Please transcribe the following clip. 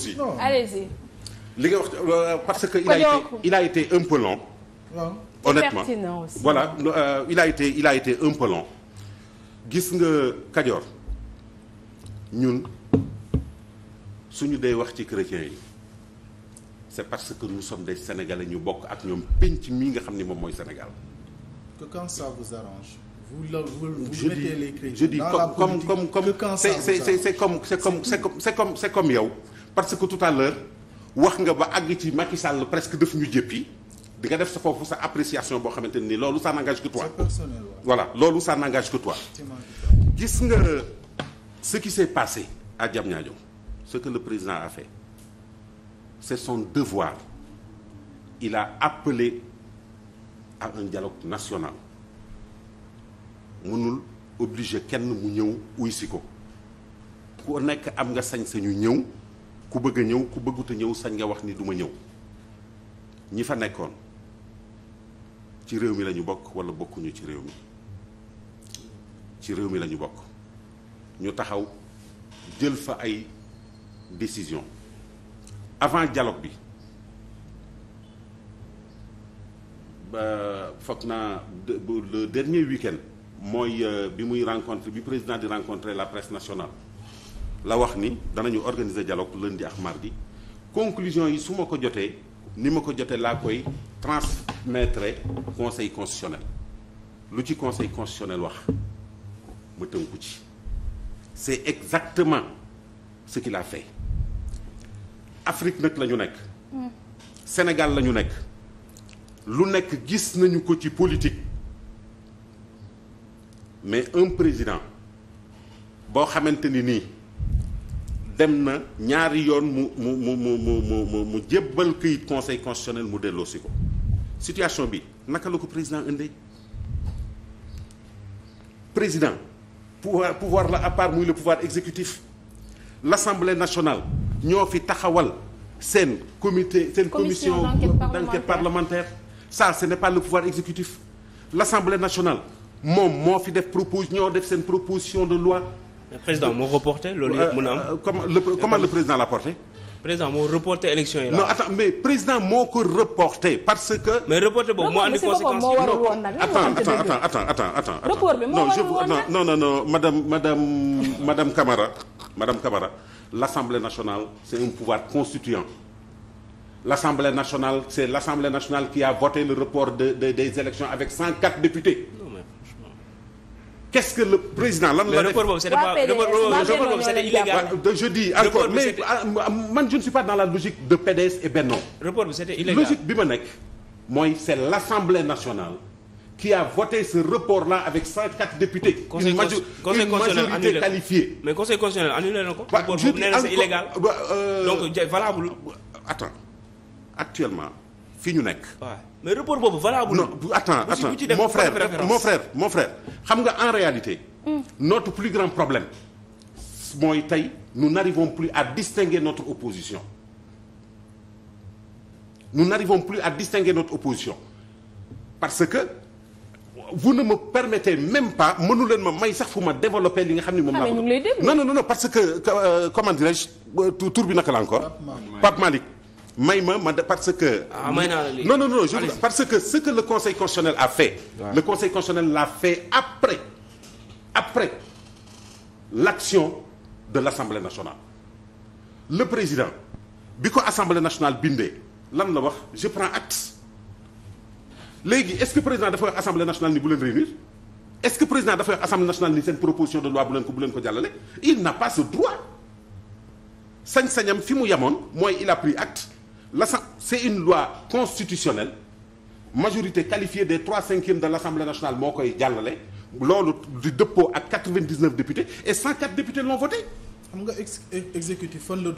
aussi. non allez-y. li nga wax euh, parce que. il a été il a été un peu long. waaw honnêtement pertinent aussi. voilà euh, il a été il a été un peu long. gis nga Kajoor ñun suñu dee wax ci chrétiens yi c'est parce que nous sommes des sénégalais ñu bokk ak ñoom penc mii nga xam ni moom mooy Sénégal. que quand ça vous arrange. vous la vous, vous je mettez dis, les chrétiens. je dis comme comme comme c'est c'est c'est comme c'est comme c'est comme c'est comme yow. parce que tout à wax nga ba àgg ci Macky Sall presque def ñu jëppi di nga def sa foofu sa appréciation boo xamante ni loolu ça n'engage que toi. c'est voilà loolu ça n'engage que toi. gis nga ce qui s'est passé à Diamniadio ce que le président a fait c'est son devoir il a appelé à un dialogue national mënul obligé kenn mu ñëw uy ko ku nekk am nga sañ-sañu ñëw. ku bëgg a ku bëggut a ñëw sañ nga wax ni du ma ñëw ñi fa nekkoon ci réew mi lañu bokk wala bokkuñu ci réew mi ci réew mi lañu bokk ñu taxaw jël fa ay décision avant dialogue bi ba foog naa le dernier week-end mooy euh, bi muy rencontre bi président di rencontrer la presse nationale la wax ni danañu organiser dialogue lundi ak mardi conclusion yi su ma ko jotee ni ma ko jotee laa koy transmettre conseil constitutionnel lu ci conseil constitutionnel wax ma tënku ci c'est exactement ce qu'il a fait Afrique nag la ñu nekk Sénégal la ñu nekk lu nekk gis nañu ko ci politique mais un président boo xamante ni nii dem na ñaari yoon mu mu mu mu mu mu mu jébbal këyit conseil constitutionnel mu ko situation bi naka la ko président indee président pouvoir pouvoir la à part muy le pouvoir exécutif l'Assemblée ñoo fi taxawal seen comité seen commission d'enquête parlementaire ça ce n'est pas le pouvoir exécutif l'Assemblée moom moo fi def propos ñoo def seen proposition de loi président moo reporté loolu yëpp mën na am. Euh, euh, comment le comment le président l'a porté. président moo reporté élection yi. non mais président moo ko reporté parce que. mais reporté boobu moo andi conséquence non non non non non madame madame madame Camara madame Camara l'Assemblée nationale c'est un pouvoir constituant. L'Assemblée nationale c'est l'Assemblée nationale qui a voté le report de, des élections avec députés. qu'est-ce que le président lan la def report boobu c'était pas report boobu c'était illégal je dis encore mais ah, man je ne suis pas dans la logique de PDS et Benno report bi c'était illégal logique bi ma c'est l'Assemblée nationale qui a voté ce report-là avec 104 députés. conseil conseil conseil constitutionnel annulé na ko. waaw euh, valable. attends actuellement fi ñu nekk. waaw mais boobu valable. non attends attends mon frère mon frère. xam nga en réalité. Mm. notre plus grand problème mooy tey nous n'arrivons plus à distinguer notre opposition nous n'arrivons plus à distinguer notre opposition parce que vous ne me permettez même pas mënu leen ma may sax fu ma développer li nga xam ne moom. laa ah, non non non parce que euh, comment dirais-je euh, tur bi naka la encore. Pape Malick may ma ma parce que. ah may naa la parce que ce que le conseil constitutionnel a fait. Ouais. le conseil constitutionnel l'a fait après après l'action de l'assemblée nationale. le président bi ko assemblée nationale bindee lan la wax je prends acte léegi est-ce que président dafa wax assemblée nationale ni bu leen réunir est-ce que président dafa wax assemblée nationale ni seen proposition de loi bu leen ko bu leen ko jàllale il n'a pas ce droit sañ-sañam fi mu yemoon mooy il a l'assemblée c'est une loi constitutionnelle majorité qualifiée des trois cinquièmes de l'Assemblée nationale moo koy jàllale loolu di dëppoo ak 99 députés et 104 députés l'ont voté. xam nga ex exécutif fan la